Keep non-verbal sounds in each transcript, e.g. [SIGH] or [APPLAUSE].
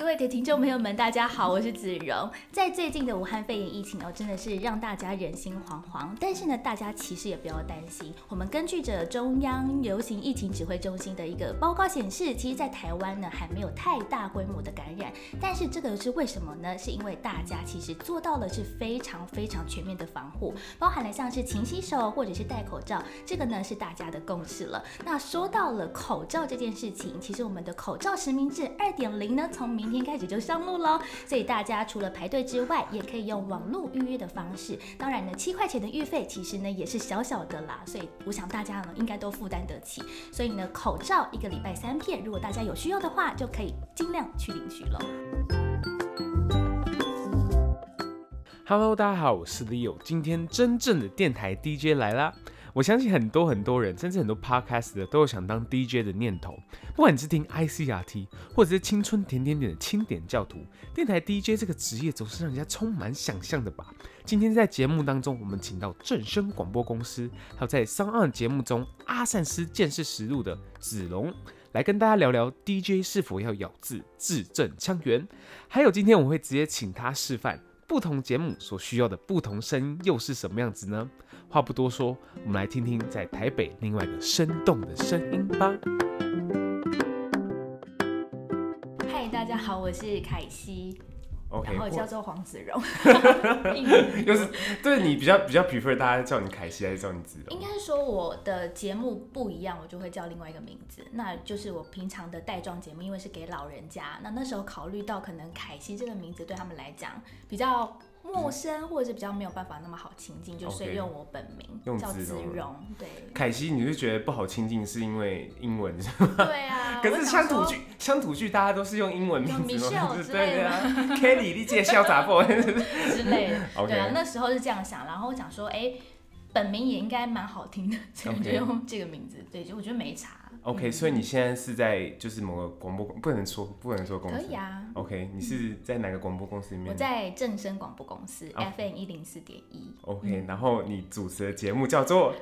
各位的聽眾朋友們，大家好，我是子榕。在最近的武漢肺炎疫情哦，真的是讓大家人心惶惶。但是呢，大家其實也不要擔心。我們根據着中央流行疫情指揮中心的一個報告顯示，其實，在台灣呢還沒有太大規模的感染。但是這個是為什麼呢？是因為大家其實做到了是非常非常全面的防護，包含了像是勤洗手或者是戴口罩，這個呢是大家的共識了。那說到了口罩這件事情，其實我們的口罩實名制二點零呢，從明今天開始就上路嘍，所以大家除了排隊之外，也可以用網絡預約的方式。當然呢，七塊錢的預費其實呢也是小小的啦，所以我想大家呢應該都負擔得起。所以呢，口罩一個禮拜三片，如果大家有需要的話，就可以盡量去領取囉。Hello，大家好，我是 Leo，今天真正的電台 DJ 來啦。我相信很多很多人，甚至很多 podcast 的都有想當 DJ 的念頭。不管你是聽 I C R T 或者是青春點點點的青點教徒，電台 DJ 這個職業總是讓人家充滿想象的吧？今天在節目當中，我們請到正聲廣播公司，還有在 SoundOn 節目中阿善師鑑識實錄的子榕，來跟大家聊聊 DJ 是否要咬字字正腔圓。還有今天我會直接請他示範。不同節目所需要的不同聲音又是什麼樣子呢？話不多說，我們來聽聽在台北另外一個生動的聲音吧。嗨，大家好，我是凱西。然後叫做黃子榕、okay, [LAUGHS] [LAUGHS] [LAUGHS] [LAUGHS] 就是對你比較比較 prefer，大家叫你凱西還是叫你子榕？應該是說我的節目不一樣，我就會叫另外一個名字。那就是我平常的帶狀節目，因為是給老人家，那那時候考慮到可能凱西這個名字對他們來講比較。陌生，或者是比較沒有辦法那麼好親近，就是用我本名 okay, 叫子榕。對，凱西，你是覺得不好親近，是因為英文？是嗎？對啊。可是鄉土劇，鄉土劇大家都是用英文名字就是對對啊，Kelly、麗姐、瀟灑 boy 之類的。Okay. 對，啊。那時候是這樣想，然後我想說，哎、欸，本名也應該蠻好聽的，所、okay. 以就用這個名字。對，就我覺得沒差。OK，、嗯、所以你現在是在就是某個廣播，不能說不能說公司，可以啊。OK，、嗯、你是在哪個廣播公司裡面？我在正聲廣播公司 FM 一零四點一。啊、OK，、嗯、然後你主持的節目叫做《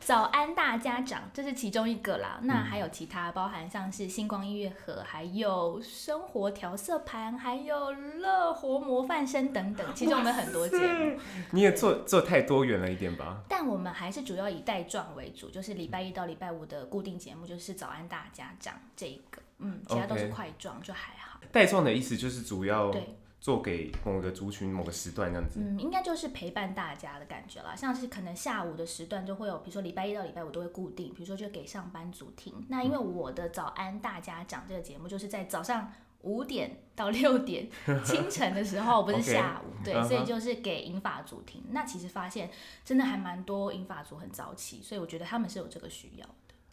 早安大家長》，這是其中一個啦、嗯。那還有其他，包含像是星光音樂盒，還有生活調色盤，還有樂活模範生等等，其實我們很多節目。你也做做太多元了一點吧？嗯、但我們還是主要以帶狀為主，就是禮拜一到禮拜五的固定節目。就是早安大家長這個，嗯，其他都是塊狀就還好。帶、okay. 狀的意思就是主要做給某個族群、某個時段這樣子。嗯，應該就是陪伴大家的感覺啦，像是可能下午的時段就會有，比如說禮拜一到禮拜五都會固定，比如說就給上班族聽。那因為我的早安大家長這個節目就是在早上五點到六點清晨的時候， [LAUGHS] 不是下午，okay. 對，uh -huh. 所以就是給銀髮族聽。那其實發現真的還蠻多銀髮族很早起，所以我覺得他們是有這個需要。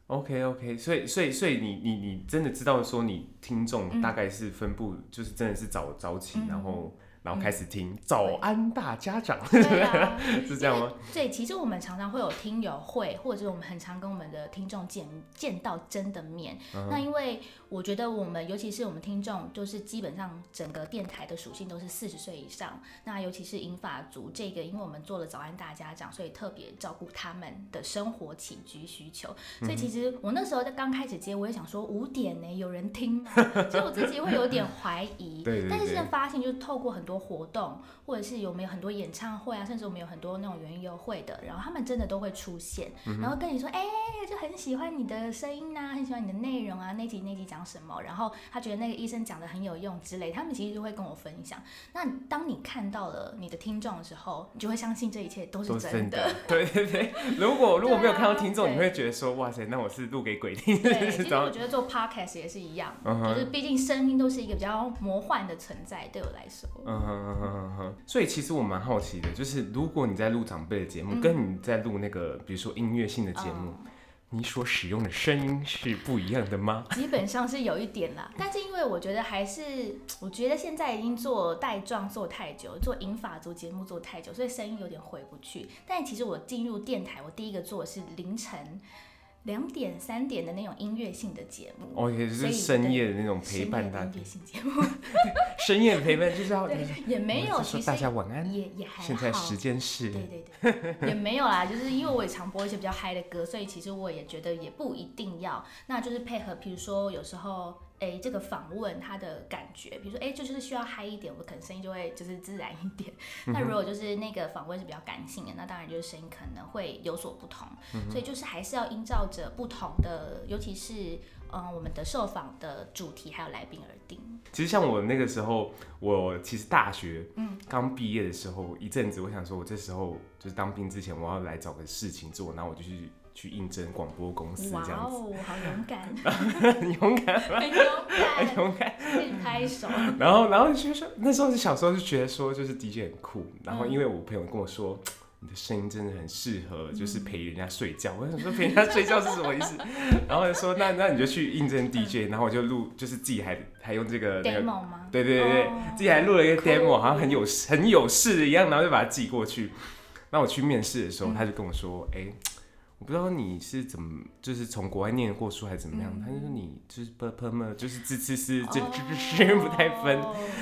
OK，OK，okay, okay, 所以，所以，所以，你，你，你真的知道說，你聽眾大概是分布、嗯，就是真的是早早起，然後。然後開始聽、嗯、早安大家長，啊、 [LAUGHS] 是這樣嗎？對，其實我們常常會有聽友會，或者是我們很常跟我們的聽眾見見到真的面、嗯。那因為我覺得我們，尤其是我們聽眾，就是基本上整個電台的屬性都是四十歲以上。那尤其是銀髮族，這個因為我們做了早安大家長，所以特別照顧他們的生活起居需求。嗯、所以其實我那時候在剛開始接，我也想說五點呢、欸、有人聽，所以我自己會有點懷疑。對、對、對，但是現在發現就是透過很多。活動或者是有沒有很多演唱會啊，甚至我們有很多那種園遊會的，然後他們真的都會出現，嗯、然後跟你說，哎、欸，就很喜歡你的聲音啊，很喜歡你的內容啊，那集那集講什麼，然後他覺得那個醫生講的很有用之類，他們其實就會跟我分享。那當你看到了你的聽眾的時候，你就會相信這一切都是真的。真的對對對，如果 [LAUGHS] 對、啊、如果沒有看到聽眾，你會覺得說，哇塞，那我是錄給鬼聽的。 [LAUGHS] 其實我覺得做 podcast 也是一樣，嗯、就是畢竟聲音都是一個比較魔幻的存在，對我來說，嗯。 [MUSIC] [MUSIC] [MUSIC] 嗯、所以其實我蠻好奇的，就是如果你在錄長輩的節目，嗯、跟你在錄那個比如說音樂性的節目、嗯，你所使用的聲音是不一樣的嗎？基本上是有一點啦， [LAUGHS] 但是因為我覺得還是，我覺得現在已經做帶狀做太久，做英法做節目做太久，所以聲音有點回不去。但其實我進入電台，我第一個做的是凌晨。兩點三點的那種音樂性的節目哦，也就是深夜的那種陪伴的音樂性節目 [LAUGHS] [LAUGHS] 深夜陪伴就是好像也沒有，其實大家晚安，也也還好。現在時間是，對對對， [LAUGHS] 也沒有啦，就是因為我也常播一些比較嗨的歌，所以其實我也覺得也不一定要，那就是配合，比如說有時候。哎、欸，這個訪問他的感覺，比如說，哎、欸，就是需要嗨一點，我可能聲音就會就是自然一點。那、嗯、如果就是那個訪問是比較感性的，那當然就是聲音可能會有所不同、嗯。所以就是還是要依照着不同的，尤其是嗯，我們的受訪的主題還有來賓而定。其實像我那個時候，我其實大學剛畢、嗯、業的時候，一陣子我想說，我這時候就是當兵之前，我要來找個事情做，那我就去。去應徵廣播公司這樣子，哇哦，好勇敢、啊， [LAUGHS] 很勇敢， [LAUGHS] 很勇敢，拍 [LAUGHS] 手、嗯。然後，然後就說，那時候是小時候就覺得說，就是 DJ 很酷。然後，因為我朋友跟我說，嗯、你的聲音真的很適合，就是陪人家睡覺。嗯、我想說，陪人家睡覺是什麼意思？ [LAUGHS] 然後就說，那那你就去應徵 DJ。 [LAUGHS] 然後我就錄，就是自己還還用這個、那個、demo 嗎？對對對對，對、哦，自己還錄了一個 demo，好像很有很有事一樣。然後就把它寄過去。那我去面試的時候、嗯，他就跟我說，哎、欸。我不知道你是怎麼，就是從國外念過書還是怎麼樣、嗯？他就說你就是不不嘛，就是字字，就是這這聲不太分。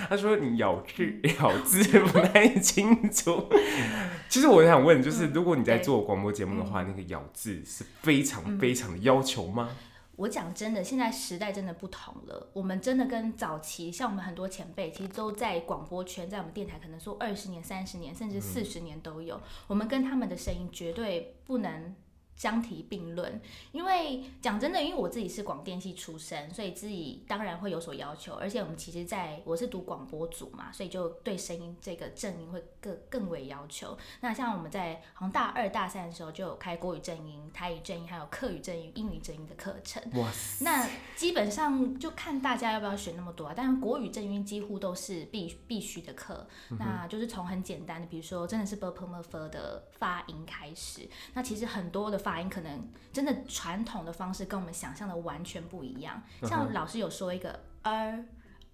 他說你咬字咬字不太清楚。 [LAUGHS] 其實我想問，就是如果你在做廣播節目的話、嗯，那個咬字是非常非常的要求嗎？我講真的，現在時代真的不同了，我們真的跟早期像我們很多前輩，其實都在廣播圈，在我們電台可能說二十年、三十年，甚至四十年都有、嗯。我們跟他們的聲音絕對不能相提並論，因為講真的，因為我自己是廣電系出身，所以自己當然會有所要求。而且我們其實，在我是讀廣播組嘛，所以就對聲音這個正音會更更為要求。那像我們在好像大二大三的時候，就有開國語正音、台語正音還有客語正音、英語正音的課程。哇，那基本上就看大家要不要選那麼多啊。但是國語正音幾乎都是必必須的課，那就是從很簡單的，比如說真的是 ㄅㄆㄇㄈ 的發音開始。那其實很多的。發音可能真的傳統的方式跟我們想象的完全不一樣。像老師有說一個兒、uh -huh.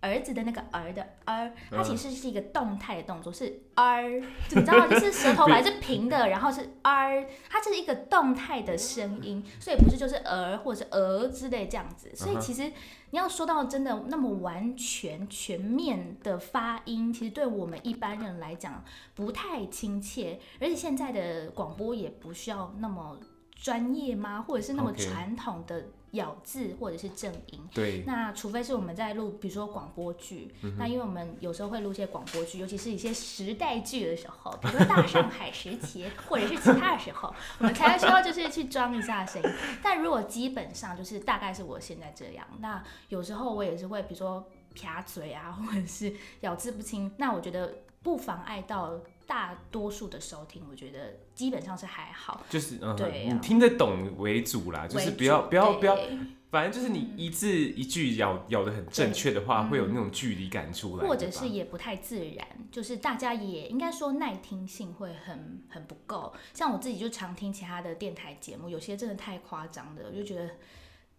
兒子的那個兒的兒、uh-huh. 它其實是一個動態的動作，是兒，你知道就是舌頭本來是平的， [LAUGHS] 然後是兒，它就是一個動態的聲音，所以不是就是兒或者是兒之類這樣子。所以其實你要說到真的那麼完全全面的發音，其實對我們一般人來講不太親切，而且現在的廣播也不需要那麼。專業嗎？或者是那麼傳統的咬字或者是正音？對、okay。那除非是我們在錄，比如說廣播劇。那因為我們有時候會錄一些廣播劇，尤其是一些時代劇的時候，比如說大上海時期， [LAUGHS] 或者是其他的時候，我們才需要就是去裝一下聲音。 [LAUGHS] 但如果基本上就是大概是我現在這樣，那有時候我也是會，比如說撇嘴啊，或者是咬字不清，那我覺得不妨礙到大多數的收聽，我覺得基本上是還好，就是、嗯、對、啊、你聽得懂為主啦，主就是不要不要不要，反正就是你一字一句咬咬得很正確的話，會有那種距離感出來，或者是也不太自然，就是大家也應該說耐聽性會很很不夠。像我自己就常聽其他的電台節目，有些真的太誇張的，我就覺得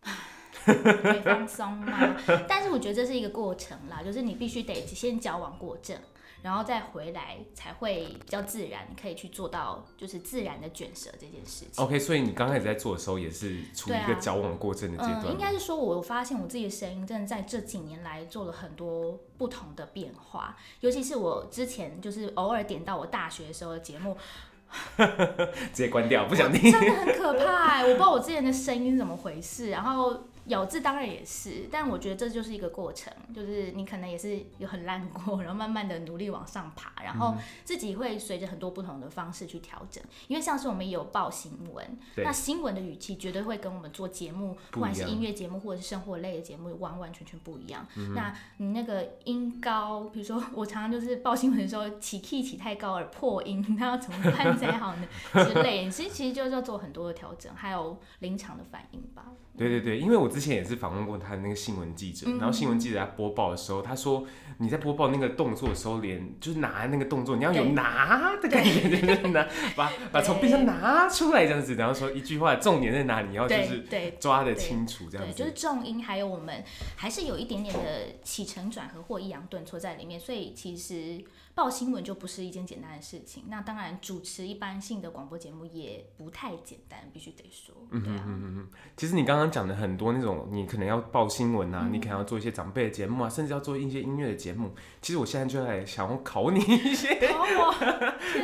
[LAUGHS] [LAUGHS] 可以放鬆嘛。 [LAUGHS] 但是我覺得這是一個過程啦，就是你必須得先矯枉過正。然後再回來才會比較自然，你可以去做到就是自然的卷舌這件事情。OK，所以你剛開始在做的時候也是處於一個矯枉過正的階段、啊嗯嗯。應該是說，我發現我自己的聲音真的在這幾年來做了很多不同的變化，尤其是我之前就是偶爾點到我大學的時候的節目， [LAUGHS] 直接關掉，不想聽， [LAUGHS] 真的很可怕。我不知道我之前的聲音是怎麼回事，然後。咬字當然也是，但我覺得這就是一個過程，就是你可能也是有很爛過，然後慢慢的努力往上爬，然後自己會隨着很多不同的方式去調整。嗯、因為上次我們也有報新聞，那新聞的語氣絕對會跟我們做節目不，不管是音樂節目或者是生活類的節目，完完全全不一樣。嗯、那你那個音高，比如說我常常就是報新聞的時候起 key 起太高而破音，那要怎麼辦才好呢？ [LAUGHS] 之類，其實其實就是要做很多的調整，還有臨場的反應吧。對對對，因為我自之前也是訪問過他的那個新聞記者，然後新聞記者在播報的時候嗯嗯嗯，他說你在播報那個動作的時候，連就是拿那個動作，你要有拿的感覺，就是拿對把把從冰箱拿出來這樣子，然後說一句話，重點在哪裡？你要就是抓得清楚這樣子，就是重音，還有我們還是有一點點的起承轉合或抑揚頓挫在裡面，所以其實。報新聞就不是一件簡單的事情，那當然主持一般性的廣播節目也不太簡單，必須得說，對啊。嗯哼嗯嗯。其實你剛剛講的很多那種，你可能要報新聞啊、嗯，你可能要做一些長輩的節目啊，甚至要做一些音樂的節目。其實我現在就在想要考你一些，考我，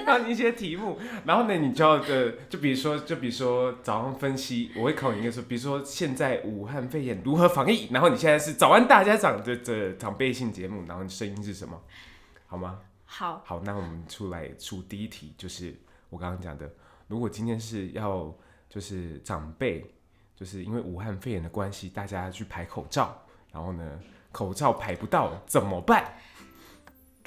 讓、啊、你一些題目。然後呢，你就要呃，就比如說，就比如說早上分析，我會考你一個說，比如說現在武漢肺炎如何防疫？然後你現在是早安大家長的這長輩性節目，然後聲音是什麼？好嗎？好，好，那我們出來出第一題，就是我剛剛講的，如果今天是要就是長輩，就是因為武漢肺炎的關係，大家去排口罩，然後呢，口罩排不到怎麼辦？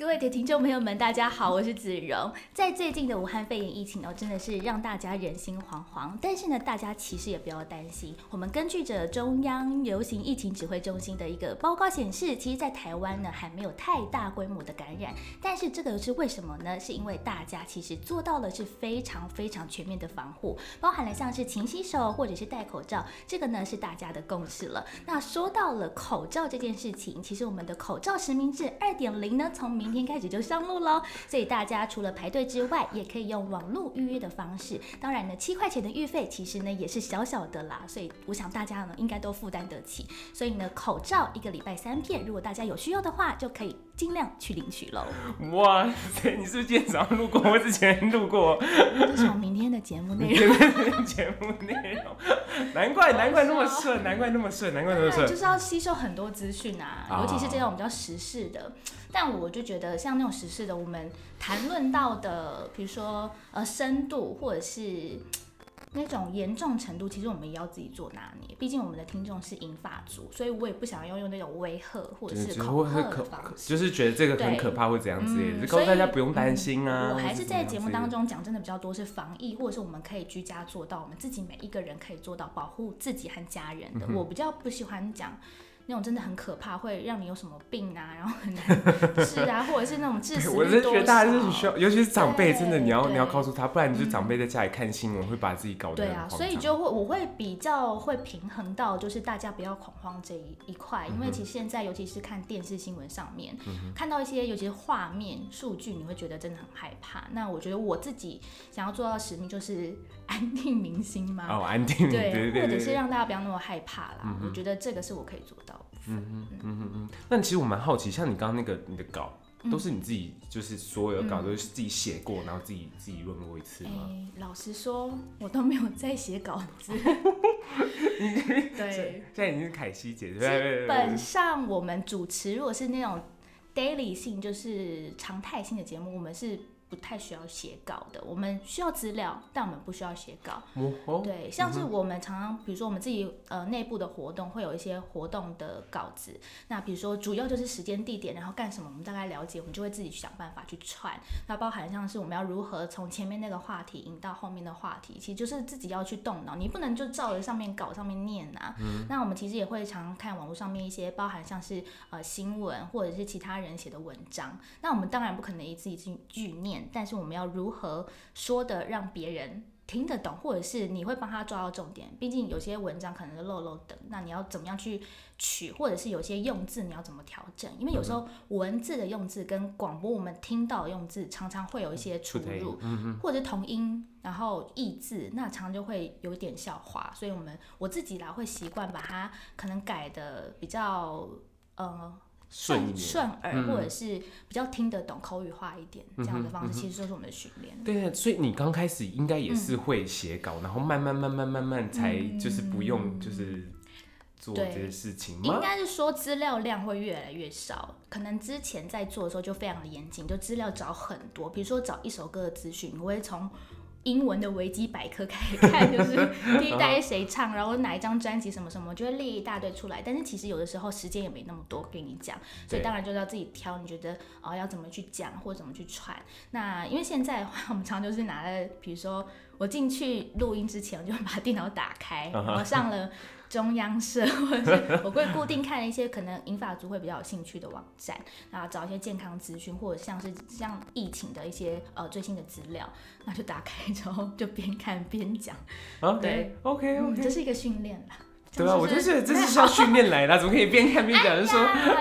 各位的聽眾朋友們，大家好，我是子榕。在最近的武漢肺炎疫情哦，真的是讓大家人心惶惶。但是呢，大家其實也不要擔心。我們根據着中央流行疫情指揮中心的一個報告顯示，其實，在台灣呢還沒有太大規模的感染。但是這個是為什麼呢？是因為大家其實做到了是非常非常全面的防護，包含了像是勤洗手或者是戴口罩，這個呢是大家的共識了。那說到了口罩這件事情，其實我們的口罩實名制二點零呢，從明明天開始就上路嘍，所以大家除了排隊之外，也可以用網絡預約的方式。當然呢，七塊錢的預費其實呢也是小小的啦，所以我想大家呢應該都負擔得起。所以呢，口罩一個禮拜三片，如果大家有需要的話，就可以。盡量去領取嘍！哇塞，你是不是今天早上錄過？ [LAUGHS] 我之前錄過。 [LAUGHS] 這是我明天的節目內容，節目內容， [LAUGHS] 難怪難怪那麼順，難怪那麼順，難怪那麼順，就是要吸收很多資訊啊，啊，尤其是這種比較時事的。但我就覺得，像那種時事的，我們談論到的，比如說呃，深度或者是。那種嚴重程度，其實我們也要自己做拿捏。畢竟我們的聽眾是銀髮族，所以我也不想要用那種威嚇或者是恐嚇的方式、就是是，就是覺得這個很可怕會怎樣子？類、嗯、的，是告訴大家不用擔心啊、嗯。我還是在節目當中講真的比較多是防疫，或者是我們可以居家做到，我們自己每一個人可以做到保護自己和家人的。我比較不喜歡講。那種真的很可怕，會讓你有什麼病啊，然後很難治啊， [LAUGHS] 或者是那種致死率多，我覺得大家就是需要，尤其是長輩，真的你要你要告訴他，不然你就長輩在家裡看新聞會把自己搞。對啊，所以就會我會比較會平衡到，就是大家不要恐慌這一一塊、嗯，因為其實現在尤其是看電視新聞上面、嗯，看到一些尤其是畫面數據，你會覺得真的很害怕。那我覺得我自己想要做到使命就是。安定民心嗎？哦，安定民心。對對對，對。或者是讓大家不要那麼害怕啦。嗯、我覺得這個是我可以做到的部分嗯嗯嗯嗯嗯。那其實我蠻好奇，像你剛剛那個，你的稿、嗯、都是你自己，就是所有的稿、嗯、都是自己寫過，然後自己自己潤過一次嗎、欸？老實說，我都沒有在寫稿子。 [LAUGHS] [LAUGHS] 對。現在已經是凱西姐對。基本上我們主持，如果是那種 daily 性，就是常態性的節目，我們是。不太需要寫稿的，我們需要資料，但我們不需要寫稿。對，像是我們常常，比如說我們自己呃內部的活動，會有一些活動的稿子。那比如說主要就是時間、地點，然後幹什麼，我們大概了解，我們就會自己去想辦法去串。那包含像是我們要如何從前面那個話題引到後面的話題，其實就是自己要去動腦，你不能就照着上面稿上面念吶、啊。那我們其實也會常常看網絡上面一些包含像是呃新聞或者是其他人寫的文章。那我們當然不可能一字一字去念。但是我們要如何說的讓別人聽得懂，或者是你會幫他抓到重點？畢竟有些文章可能是漏漏的，那你要怎麼樣去取，或者是有些用字你要怎麼調整？因為有時候文字的用字跟廣播我們聽到的用字常常會有一些出入，嗯嗯、或者同音，然後異字，那常常就會有一點笑話。所以我們我自己啦會習慣把它可能改得比較嗯。呃順順耳或者是比較聽得懂、嗯、口語化一點這樣的方式，嗯嗯、其實就是我們的訓練。對，所以你剛開始應該也是會寫稿、嗯，然後慢慢慢慢慢慢才就是不用就是做這些事情、嗯。應該是說資料量會越來越少，可能之前在做的時候就非常的嚴謹，就資料找很多，比如說找一首歌的資訊，我會從。英文的維基百科開始看，就是第一代誰唱，然後哪一張專輯什麼什麼，就會列一大堆出來。但是其實有的時候時間也沒那麼多跟你講，所以當然就要自己挑，你覺得哦要怎麼去講或怎麼去傳。那因為現在的話，我們常就是拿了，比如說我進去錄音之前，我就會把電腦打開，我上了。中央社，或者是我會固定看一些可能銀髮族會比較有興趣的網站，然後找一些健康資訊，或者像是像疫情的一些呃最新的資料，那就打開之後就邊看邊講，okay. 對，OK okay，嗯，OK，這是一個訓練啦。對啊、就是，我就是這是需要訓練來的、啊， [LAUGHS] 怎麼可以邊看邊講、哎？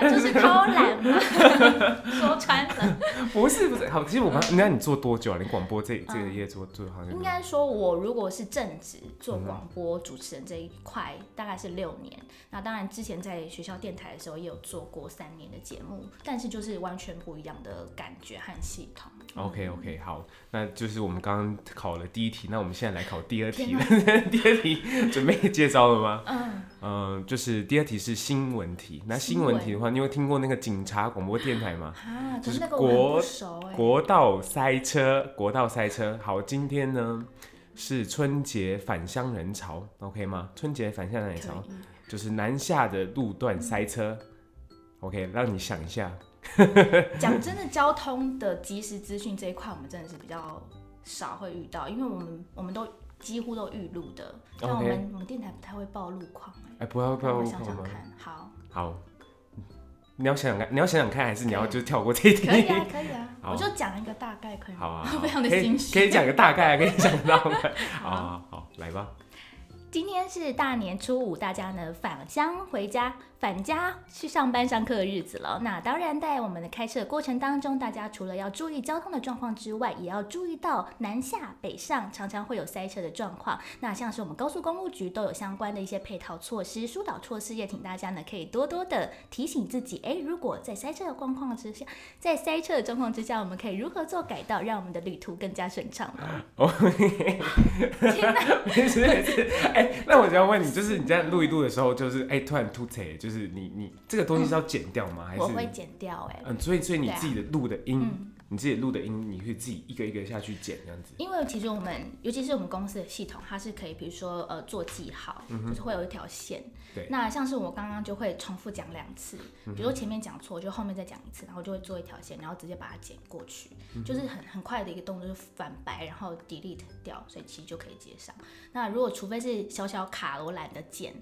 說 [LAUGHS] 就是偷懶嘛， [LAUGHS] 說穿了。不是不是，好，其實我們，那你做多久啊？你廣播這、嗯、這個業做做好久、啊？應該說，我如果是正職做廣播主持人這一塊、嗯，大概是六年。那當然，之前在學校電台的時候也有做過三年的節目，但是就是完全不一樣的感覺和系統。OK OK 好，那就是我們剛剛考了第一題，那我們現在來考第二題了。啊、 [LAUGHS] 第二題準備介紹了嗎？嗯、呃，就是第二題是新聞題。那新聞題的話，你有聽過那個警察廣播電台嗎？啊，就是那個我。國國道塞車，國道塞車。好，今天呢是春節返鄉人潮，OK 嗎？春節返鄉人潮，就是南下的路段塞車。嗯、OK，讓你想一下。講 [LAUGHS] 真的，交通的即時資訊，這一塊，我們真的是比較少會遇到，因為我們我們都幾乎都預錄的。Okay. 但我們我們電台不太會報路況、欸、哎。不要不要。我想想看。好。好。你要想想看，你要想想看，還是你要就跳過這一條？可以啊，可以啊。我就講一個大概，可以嗎？好啊好。好。 [LAUGHS] 可以可以講個大概、啊，可以講到。大 [LAUGHS] 好，好，好，好來吧。今天是大年初五，大家呢返鄉回家。返家去上班上課的日子了，那當然在我們的開車的過程當中，大家除了要注意交通的狀況之外，也要注意到南下北上常、常常會有塞車的狀況。那像是我們高速公路局都有相關的一些配套措施、疏導措施，也請大家呢可以多多的提醒自己。哎，如果在塞車的狀況之下，在塞車的狀況之下，我們可以如何做改道，讓我們的旅途更加順暢哦 [LAUGHS] 其實那笑，沒事沒事。哎、欸，那我想要問你，就是你在錄一錄的時候，就是哎、欸、突然突踩，是，你你這個東西是要剪掉嗎？嗯、還是我會剪掉哎、欸。嗯，所以所以你自己的錄的音、啊。嗯你自己錄的音，你可以自己一個一個下去剪這樣子。因為其實我們，尤其是我們公司的系統，它是可以，比如說呃做記號、嗯，就是會有一條線。對。那像是我剛剛就會重複講兩次、嗯，比如說前面講錯，就後面再講一次，然後就會做一條線，然後直接把它剪過去、嗯，就是很很快的一個動作，就反白，然後 delete 掉，所以其實就可以接上。那如果除非是小小卡了，我懶得剪，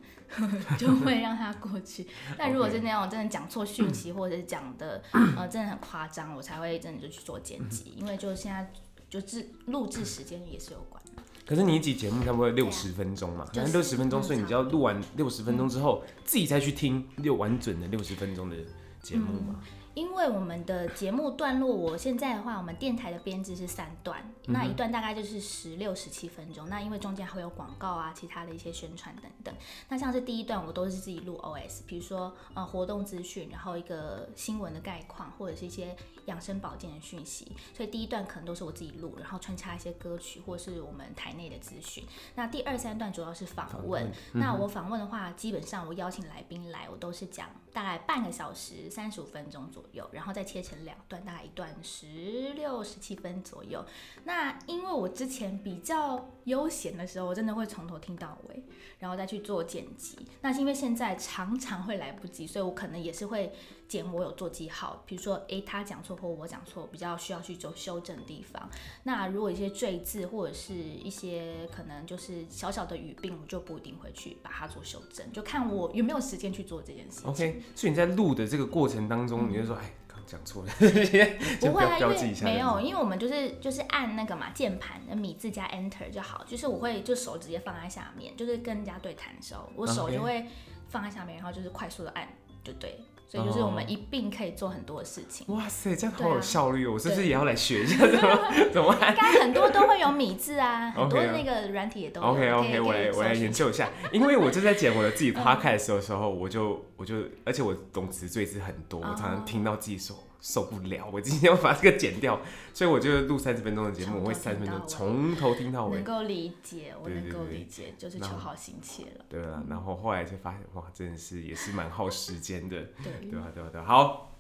就會讓它過去。那 [LAUGHS] 如果是那樣，我真的講錯訊息， [LAUGHS] 或者講的呃真的很誇張，我才會真的就去，做剪輯、嗯，因為就現在就是錄製時間也是有關。可是你一集節目差不多六十分鐘嘛，六十、啊、分鐘、就是，所以你就要錄完六十分鐘之後，嗯、自己再去聽六完整的六十分鐘的節目嘛、嗯。因為我們的節目段落，我現在的話，我們電台的編制是三段、嗯，那一段大概就是十六、十七分鐘。那因為中間還會有廣告啊，其他的一些宣傳等等。那像是第一段，我都是自己錄 OS，比如說呃活動資訊，然後一個新聞的概況，或者是一些。養生保健的訊息，所以第一段可能都是我自己錄，然後穿插一些歌曲或是我們台內的資訊。那第二三段主要是訪問、嗯。那我訪問的話，基本上我邀請來賓來，我都是講大概半個小時三十五分鐘左右，然後再切成兩段，大概一段十六十七分左右。那因為我之前比較。悠閒的時候，我真的會從頭聽到尾，然後再去做剪輯。那是因為現在常常會來不及，所以我可能也是會剪。我有做記號，比如說，欸，他講錯或我講錯，比較需要去做修正的地方。那如果一些贅字或者是一些可能就是小小的語病，我就不一定會去把它做修正，就看我有沒有時間去做這件事情。OK，所以你在錄的這個過程當中，你就說，哎。講錯了不標記一下？不會啊，因為沒有，因為我們就是就是按那個嘛鍵盤的米字加 Enter 就好，就是我會就手直接放在下面，就是跟人家對談的時候，我手就會放在下面，然後就是快速的按，就對。所以就是我們一並可以做很多的事情。哇塞，這樣好有效率哦！啊、我是不是也要來學一下？怎麼？ [LAUGHS] 應該很多都會有米字啊，okay、很多的那個軟體也都有。OK OK，, okay, okay, okay 我來我來研究一下， [LAUGHS] 因為我就在剪我的自己 podcast 的時候的時候， [LAUGHS] 我就我就，而且我冗詞贅字很多， [LAUGHS] 我常常聽到自己說。Oh. 受不了，我今天要把這個剪掉，所以我就錄三十分鐘的節目，我會三十分鐘從頭聽到尾。能夠理解，我能夠理解，就是求好心切了。對啊，然後後來就發現哇，真的是也是蠻耗時間的。對，對吧？對，對，好，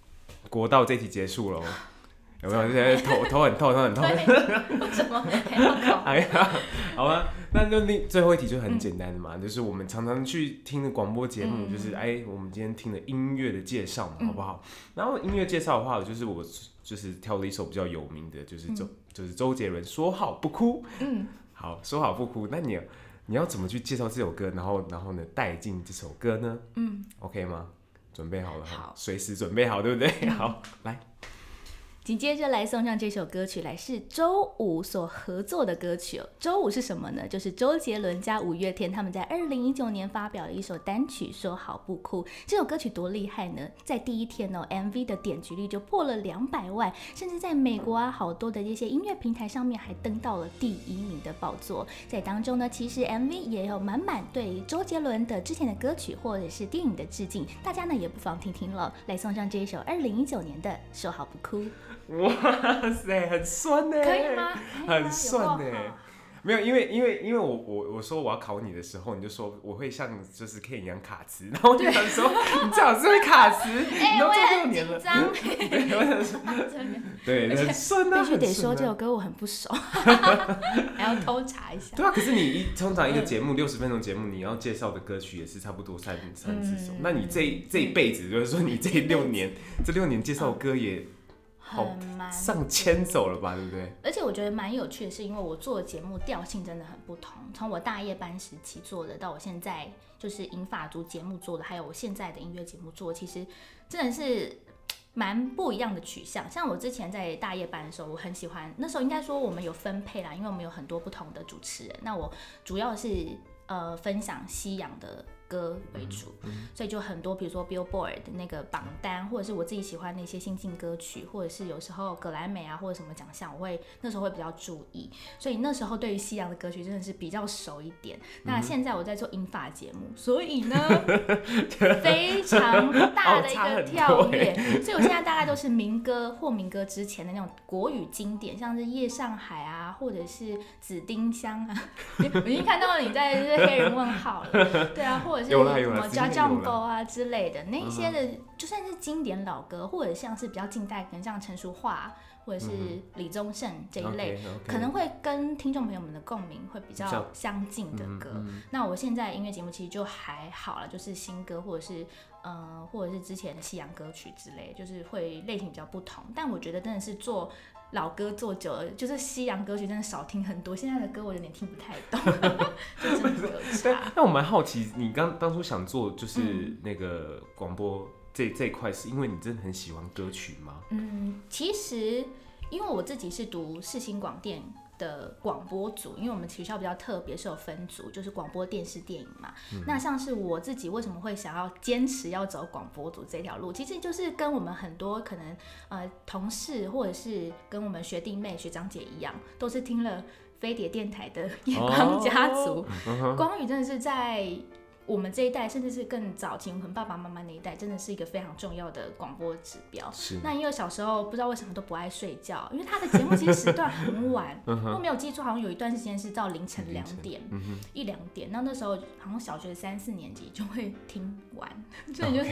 國道這期結束了。有沒有？現在頭頭很痛，頭很痛。我怎麼沒有？哎 [LAUGHS] 呀好口， [LAUGHS] 好吧，啊，那就那最後一題就很簡單的嘛，嗯、就是我們常常去聽的廣播節目，嗯，就是哎，我們今天聽的音樂的介紹，嗯，好不好？然後音樂介紹的話，就是我就是挑了一首比較有名的，就是周、嗯、就是周杰倫說好不哭。嗯，好，說好不哭。那你你要怎麼去介紹這首歌？然後然後呢，帶進這首歌呢？嗯，OK 嗎？準備好了，好，隨時準備好，對不對？嗯、好，來。緊接着來送上這首歌曲來，來是周五所合作的歌曲哦。周五是什麼呢？就是周杰倫加五月天他們在二零一九年發表了一首單曲《說好不哭》。這首歌曲多厲害呢？在第一天哦，MV 的點擊率就破了兩百萬，甚至在美國啊好多的這些音樂平台上面還登到了第一名的寶座。在當中呢，其實 MV 也有滿滿對周杰倫的之前的歌曲或者是電影的致敬，大家呢也不妨聽聽了，來送上這一首二零一九年的《說好不哭》。哇塞，很酸呢、欸！可以嗎？很酸呢、欸，沒有，因為因為因為我我我說我要考你的時候，你就說我會像就是 K 一樣卡詞，然後我就想說你最好是會卡詞，你都做六年了對，我想說，對，是 [LAUGHS] 欸、了很，對很， [LAUGHS] 對很酸呢、啊啊。必須得說這首歌我很不熟， [LAUGHS] [LAUGHS] 還要偷查一下。對啊，可是你一通常一個節目六十分鐘節目，你要介紹的歌曲也是差不多三三十首，嗯，那你這一這一輩子就是說你這六年 [LAUGHS] 這六年介紹的歌也。嗯很上千首了吧，對不對？而且我覺得蠻有趣的是，因為我做的節目調性真的很不同。從我大夜班時期做的，到我現在就是銀髮族節目做的，還有我現在的音樂節目做，其實真的是蠻不一樣的取向。像我之前在大夜班的時候，我很喜歡那時候，應該說我們有分配啦，因為我們有很多不同的主持人。那我主要是呃分享西洋的。歌為主，所以就很多，比如說 Billboard 的那個榜單，或者是我自己喜歡的一些新晉歌曲，或者是有時候葛萊美啊，或者什麼獎項，我會，那時候會比較注意。所以那時候對於西洋的歌曲真的是比較熟一點。嗯、那現在我在做銀髮節目，所以呢， [LAUGHS] 非常大的一個跳躍、哦欸。所以我現在大概都是民歌或民歌之前的那種國語經典，像是《夜上海》啊，或者是《紫丁香》啊、 [LAUGHS] 欸。我已經看到了你在黑人問號了。對啊，或有了有了有了，什麼《家醬歌》啊之類的，那些的、uh-huh. 就算是經典老歌，或者像是比較近代，可能像成熟化。或者是李宗盛這一類，okay, okay. 可能會跟聽眾朋友們的共鳴會比較相近的歌。嗯嗯、那我現在音樂節目其實就還好了，就是新歌或者是嗯、呃，或者是之前的西洋歌曲之類，就是會類型比較不同。但我覺得真的是做老歌做久了，就是西洋歌曲真的少聽很多。現在的歌我有點聽不太懂， [LAUGHS] [LAUGHS] 就真的有差。那我蠻好奇，你剛當初想做就是那個廣播。嗯這這塊是因為你真的很喜歡歌曲嗎？嗯，其實因為我自己是讀世新廣電的廣播組，因為我們學校比較特別是有分組，就是廣播電視電影嘛，嗯。那像是我自己為什麼會想要堅持要走廣播組這條路，其實就是跟我們很多可能呃同事或者是跟我們學弟妹學長姐一樣，都是聽了飛碟電台的夜光家族，哦嗯，光宇真的是在。我們這一代，甚至是更早期，我們爸爸媽媽那一代，真的是一個非常重要的廣播指標。是。那因為小時候不知道為什麼都不愛睡覺，因為他的節目其實時段很晚，我、 [LAUGHS] 嗯、沒有記錯，好像有一段時間是到凌晨兩點、嗯、一兩點。那那時候好像小學三四年級就會聽完，所以就是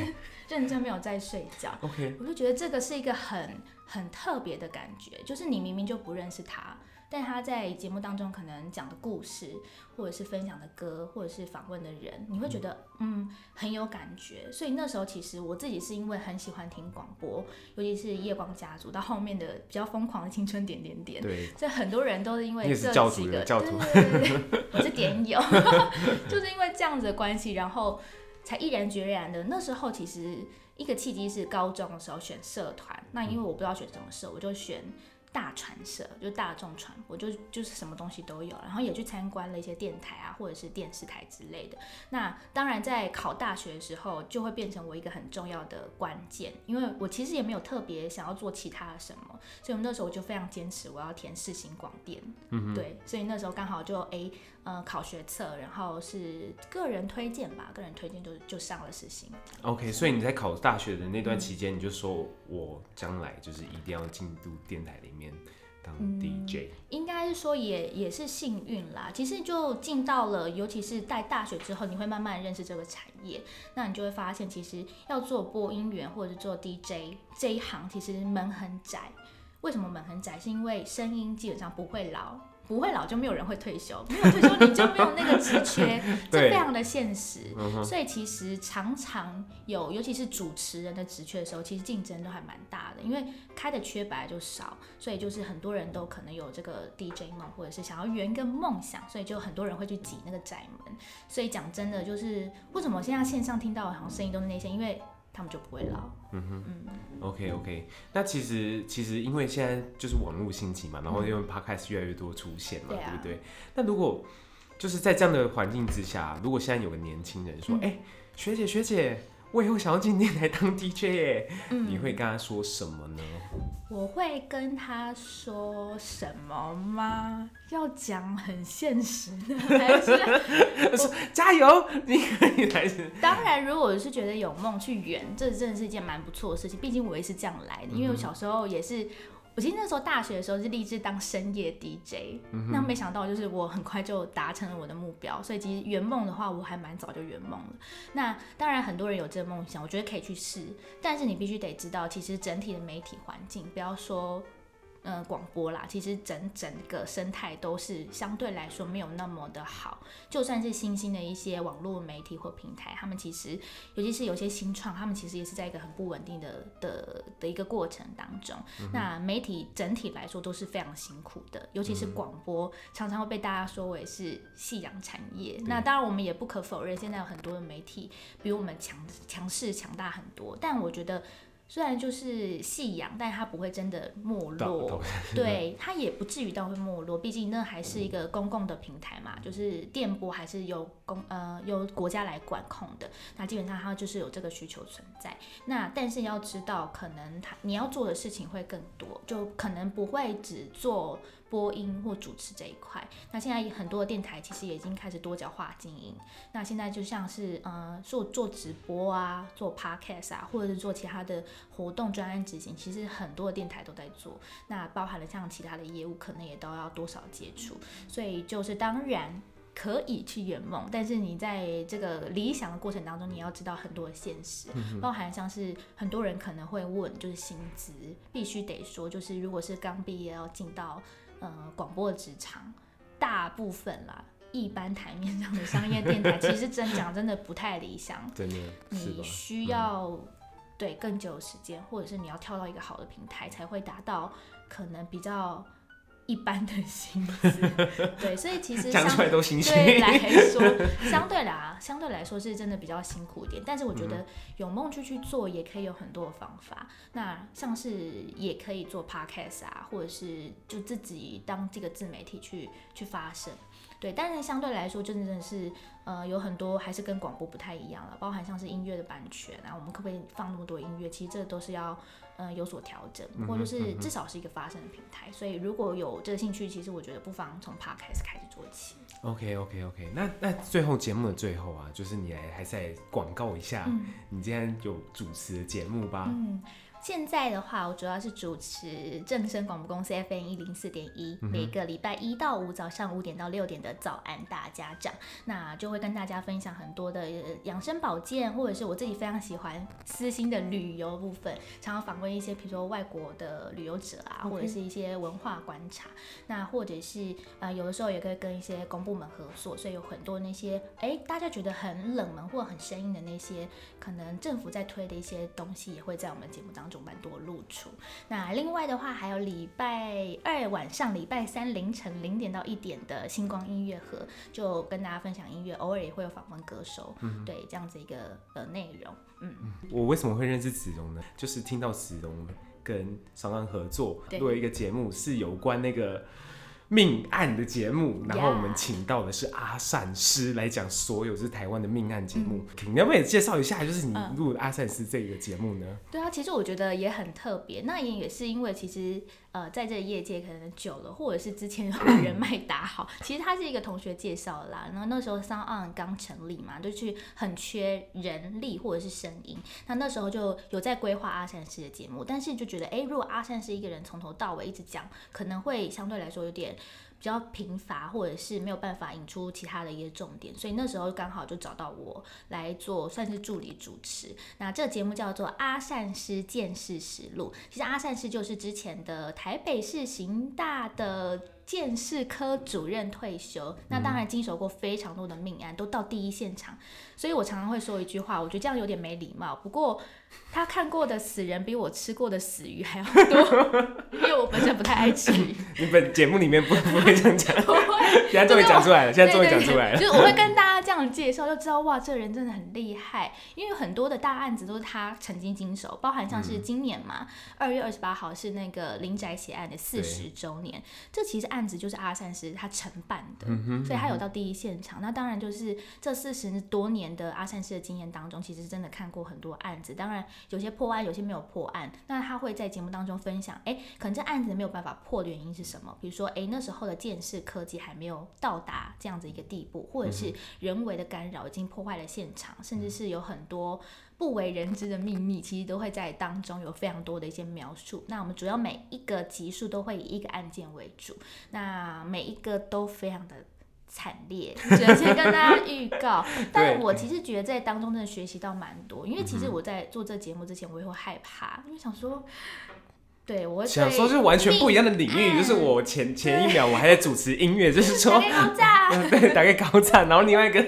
認真沒有在睡覺。Okay. 我就覺得這個是一個很很特別的感覺，就是你明明就不認識他。但他在節目當中可能講的故事，或者是分享的歌，或者是訪問的人，你會覺得嗯，嗯很有感覺。所以那時候其實我自己是因為很喜歡聽廣播，尤其是夜光家族到後面的比較瘋狂的青春點點點，對，所以很多人都是因為這幾個是教徒，對對對對教徒 [LAUGHS] 我是點典友， [LAUGHS] [LAUGHS] 就是因為這樣子的關係，然後才毅然決然的。那時候其實一個契機是高中的時候選社團，那因為我不知道選什麼社，嗯、我就選。大傳社，就大眾傳播，就就是什麼東西都有，然後也去參觀了一些電臺啊，或者是電視臺之類的。那當然，在考大學的時候，就會變成我一個很重要的關鍵，因為我其實也沒有特別想要做其他的什麼，所以我那時候我就非常堅持我要填世新廣電。嗯哼。對，所以那時候剛好就誒。欸呃、嗯，考學測，然後是個人推薦吧，個人推薦就就上了實習。OK，所以你在考大學的那段期間，嗯、你就說我將來就是一定要進入電台裡面當 DJ。嗯、應該是說也也是幸運啦，其實就進到了，尤其是在大學之後，你會慢慢認識這個產業，那你就會發現，其實要做播音員或者做 DJ 這一行，其實門很窄。為什麼門很窄？是因為聲音基本上不會老。不會老，就沒有人會退休。沒有退休，你就沒有那個職缺， [LAUGHS] 這非常的現實。所以其實常常有，尤其是主持人的職缺的時候，其實競爭都還蠻大的，因為開的缺白就少，所以就是很多人都可能有這個 DJ 夢，或者是想要圓一個夢想，所以就很多人會去擠那個窄門。所以講真的，就是為什麼現在線上聽到好像聲音都是那些，因為。他們就不會老。嗯哼，嗯，嗯，嗯，OK OK。那其實其實因為現在就是網絡興起嘛、嗯，然後因為 Podcast 越來越多出現嘛，嗯、對不對？那、啊、如果就是在這樣的環境之下，如果現在有個年輕人說：“哎、嗯欸，學姐學姐，我以後想要進電台當 DJ。嗯”，你會跟他說什麼呢？我會跟他說什麼嗎？要講很現實的，還是加油，你可以來。當然，如果是覺得有夢去圓，這真的是一件蠻不錯的事情。畢竟我也是這樣來的，因為我小時候也是。我其實那時候大學的時候，是立志當深夜 DJ，嗯。那沒想到，就是我很快就達成了我的目標。所以其實圓夢的話，我還蠻早就圓夢了。那當然，很多人有這個夢想，我覺得可以去試。但是你必須得知道，其實整體的媒體環境，不要說。呃，廣播啦，其實整整個生態都是相對來說沒有那麼的好，就算是新興的一些網絡媒體或平台，他們其實，尤其是有些新創，他們其實也是在一個很不穩定的的的一個過程當中、嗯。那媒體整體來說都是非常辛苦的，尤其是廣播，常常會被大家說為是夕陽產業、嗯。那當然，我們也不可否認，現在有很多的媒體比我們強強勢強大很多，但我覺得。雖然就是細養，但它不會真的沒落，對，它也不至於到會沒落。畢竟那還是一個公共的平台嘛，嗯、就是電波還是由公呃由國家來管控的。那基本上它就是有這個需求存在。那但是要知道，可能它你要做的事情會更多，就可能不會只做。播音或主持這一塊，那現在很多的電台其實也已經開始多角化經營。那現在就像是呃做做直播啊，做 podcast 啊，或者是做其他的活動專案執行，其實很多的電台都在做。那包含了像其他的業務，可能也都要多少接觸。所以就是當然可以去圓夢，但是你在這個理想的過程當中，你要知道很多的現實，包含像是很多人可能會問，就是薪資必須得說，就是如果是剛畢業要進到。呃，廣播職場大部分啦，一般台面上的商業電臺， [LAUGHS] 其實真講真的不太理想。真的，你需要對更久的時間，嗯，或者是你要跳到一個好的平台，才會達到可能比較。一般的薪資，對，所以其實講出來都新鮮。來說， [LAUGHS] 相對啦，相對來說是真的比較辛苦一點，但是我覺得有夢就去做，也可以有很多的方法，嗯。那像是也可以做 podcast 啊，或者是就自己當這個自媒體去去發聲。對，但是相對來說，真的是，呃，有很多還是跟廣播不太一樣了，包含像是音樂的版權啊，我們可不可以放那麼多音樂？其實這個都是要，呃、有所調整，或就是、嗯嗯、至少是一個發聲的平台。所以如果有這個興趣，其實我覺得不妨從 Podcast 開始開始做起。OK OK OK 那。那那最後節目的最後啊，就是你來還是來廣告一下，你今天有主持的節目吧？嗯嗯現在的話，我主要是主持正聲廣播公司 FM 一零四點一，每個禮拜一到五早上五點到六點的早安大家長，那就會跟大家分享很多的養生保健，或者是我自己非常喜歡私心的旅遊部分，常常訪問一些比如說外國的旅遊者啊，或者是一些文化觀察，嗯、那或者是、呃、有的時候也可以跟一些公部門合作，所以有很多那些哎、欸、大家覺得很冷門或很生硬的那些可能政府在推的一些東西，也會在我們節目當中。蠻多露出，那另外的話還有禮拜二晚上、禮拜三凌晨零點到一點的星光音樂盒，就跟大家分享音樂，偶爾也會有訪問歌手，嗯，對，這樣子一個的內容，嗯，我為什麼會認識子榕呢？就是聽到子榕跟雙安合作作一個節目，是有關那個。命案的節目，然後我們請到的是阿善師來講所有是台灣的命案節目、嗯。你要不要也介紹一下，就是你錄的阿善師這個節目呢、嗯？對啊，其實我覺得也很特別。那也也是因為其實。呃，在這業界可能久了，或者是之前有把人脈打好，其實他是一個同學介紹啦。然後那時候 SoundOn 剛成立嘛，就去很缺人力或者是聲音，那那時候就有在規劃阿善師的節目，但是就覺得，哎，如果阿善師一個人從頭到尾一直講，可能會相對來說有點。比較貧乏，或者是沒有辦法引出其他的一些重點，所以那時候剛好就找到我來做，算是助理主持。那這個節目叫做《阿善師見世實錄》，其實阿善師就是之前的台北市刑大的。鑑識科主任退休，那當然經手過非常多的命案、嗯，都到第一現場，所以我常常會說一句話，我覺得這樣有點沒禮貌。不過他看過的死人比我吃過的死魚還要多， [LAUGHS] 因為我本身不太愛吃魚。你本節目裡面不不會這樣講， [LAUGHS] 現在終於講出來了，現在終於講出來了。就是我，對對對 [LAUGHS] 就我會跟大家這樣介紹，就知道哇，這人真的很厲害，因為很多的大案子都是他曾經經手，包含像是今年嘛，二、嗯、月二十八號是那個林宅血案的四十週年，這其實案。案子就是阿善師他承辦的、嗯，所以他有到第一現場。嗯、那當然就是這四十多年的阿善師的經驗當中，其實真的看過很多案子。當然有些破案，有些沒有破案。那他會在節目當中分享，哎，可能這案子沒有辦法破的原因是什麼？比如說，哎，那時候的鑑識科技還沒有到達這樣子一個地步，或者是人為的干擾已經破壞了現場，甚至是有很多。不為人知的祕密，其實都會在當中有非常多的一些描述。那我們主要每一個集數都會以一個案件為主，那每一個都非常的慘烈，只能先跟大家預告。但我其實覺得在當中真的學習到蠻多，因為其實我在做這節目之前，我也會害怕，因為想說。對，我對想說就是完全不一樣的領域，嗯、就是我前前一秒我還在主持音樂，就是說，被打個高讚，然後另外一個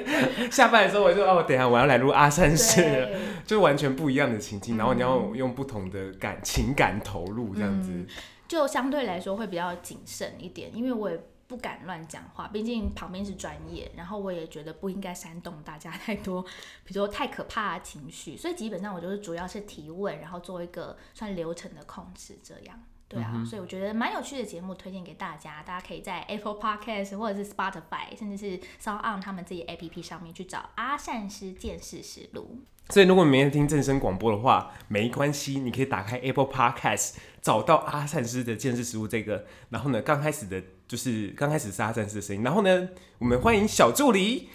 下班的時候我就哦，等一下我要來錄阿善師，就完全不一樣的情境，然後你要用不同的感、嗯、情感投入這樣子，就相對來說會比較謹慎一點，因為我也。不敢亂講話，畢竟旁邊是專業。然後我也覺得不應該煽動大家太多，比如說太可怕的情緒。所以基本上我就是主要是提問，然後做一個算流程的控制。這樣對啊，嗯，所以我覺得蠻有趣的節目，推薦給大家。大家可以在 Apple Podcast 或者是 Spotify，甚至是 Sound On 他們自己 APP 上面去找阿善師鑑識實錄。所以如果你明天聽正聲廣播的話，沒關係，你可以打開 Apple Podcast 找到阿善師的鑑識實錄這個。然後呢，剛開始的。就是剛開始是阿善師的聲音，然後呢，我們歡迎小助理。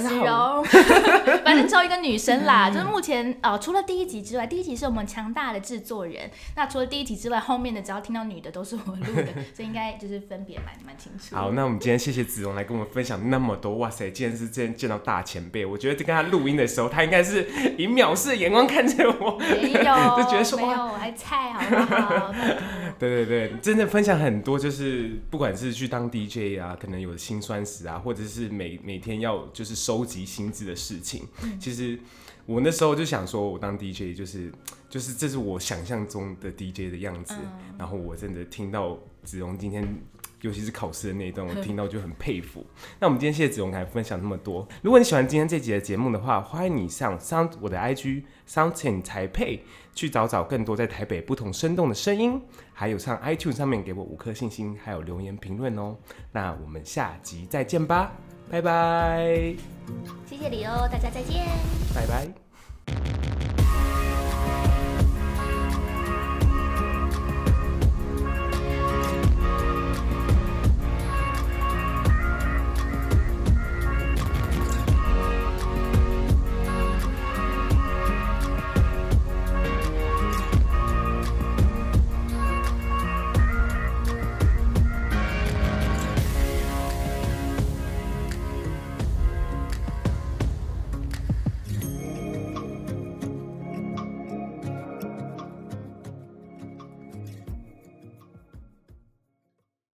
子榮，是哦、 [LAUGHS] 反正只有一個女生啦， [LAUGHS] 就是目前哦，除了第一集之外，第一集是我們強大的制作人。那除了第一集之外，後面的只要聽到女的都是我錄的， [LAUGHS] 所以應該就是分別蠻蠻清楚。好，那我們今天謝謝子榕來跟我們分享那麼多，哇塞，竟然是見見到大前輩，我覺得跟他錄音的時候，他應該是以藐視的眼光看着我，沒有 [LAUGHS] 就覺得說哇，沒有我還菜好不好？ [LAUGHS] 對對對，真的分享很多，就是不管是去當 DJ 啊，可能有辛酸史啊，或者是每每天要就是。收集新知的事情、嗯，其實我那時候就想說，我當 DJ 就是就是這是我想象中的 DJ 的樣子、嗯。然後我真的聽到子榕今天，尤其是考試的那一段，我聽到就很佩服。呵呵，那我們今天謝謝子榕來分享那麼多。如果你喜歡今天這集的節目的話，歡迎你上 Sound 我的 IG Sounds in Taipei，去找找更多在台北不同生動的聲音，還有上 iTunes 上面給我五顆信心，還有留言評論哦。那我們下集再見吧。嗯拜拜，謝謝你哦，大家再見，拜拜。